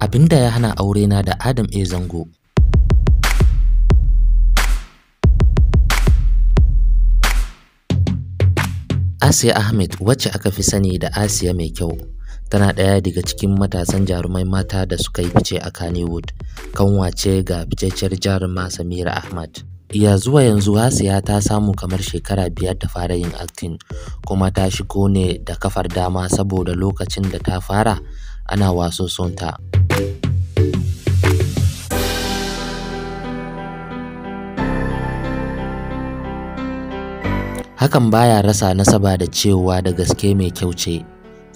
abinda ya hana aurena da Adam A Zango. Asiya Ahmed wacce aka fi sani da Asiya mai kyau tana ɗaya daga cikin matasan jarumai mata da suka yi fice a Kannywood kanwace ga ficecciyar jaruma Samira Ahmad. iya zuwa yanzu Asiya ta samu kamar shekara biyar ta fara yin acting kuma ta shigo ne da kafar dama saboda lokacin da ta fara ana waso sonta. hakan baya rasa nasaba da cewa da gaske mai kyau ce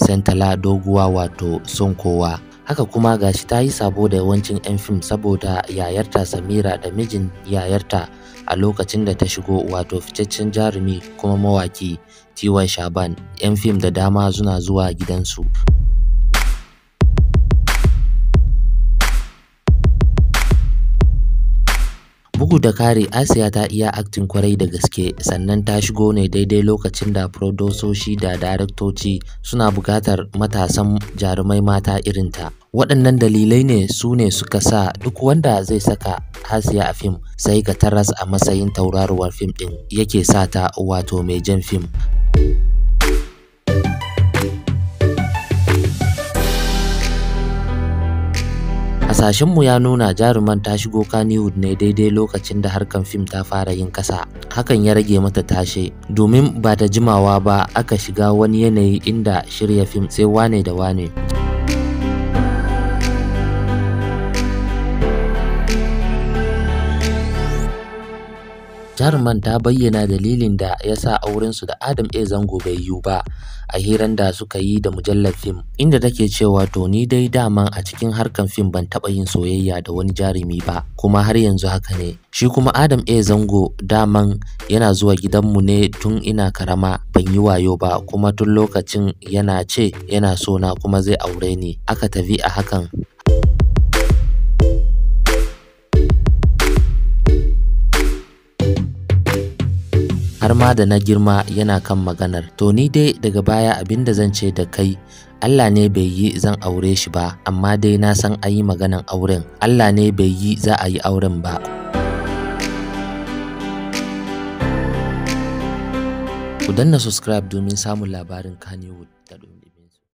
santala doguwa wato son kowa haka kuma gashi ta yi sabo da yawancin 'yan fim saboda yayarta samira da mijin yayarta a lokacin da ta shigo wato fitaccen jarumi kuma mawaki tiwon shaban 'yan fim da dama suna zuwa gidansu Bugu da ƙari, Asiya ta iya aktin kwarai da gaske, sannan ta shigo ne daidai lokacin da furodusoshi da daraktoci suna buƙatar matasan jarumai mata irinta. Waɗannan dalilai ne su ne suka sa duk wanda zai saka Asiya a fim sai ga taras a matsayin tauraruwar fim ɗin yake sa ta wato mai jan fim. Hasashenmu ya nuna jaruman ta shigo Kannywood ne daidai lokacin da harkan fim ta fara yin kasa, hakan ya rage mata tashe, domin ba ta jimawa ba aka shiga wani yanayi inda shirya fim sai wane da wane. jaruman ta bayyana dalilin da ya sa aurensu da adam a zango bai yiwu ba a hiran da suka yi da mujallar fim inda take cewa to ni dai dama a cikin harkan fim ban taɓa yin soyayya da wani jarumi ba kuma har yanzu haka ne shi kuma adam a zango daman yana zuwa gidanmu ne tun ina karama ban yi wayo ba kuma tun lokacin yana ce yana so na kuma zai aure ni aka tafi a hakan har ma da na girma yana kan maganar to ni dai daga baya abin da zan ce da kai Allah ne bai yi zan aure shi ba amma dai na san ayi yi maganan auren Allah ne bai yi za a yi auren ba ku danna subscribe domin samun labarin Kannywood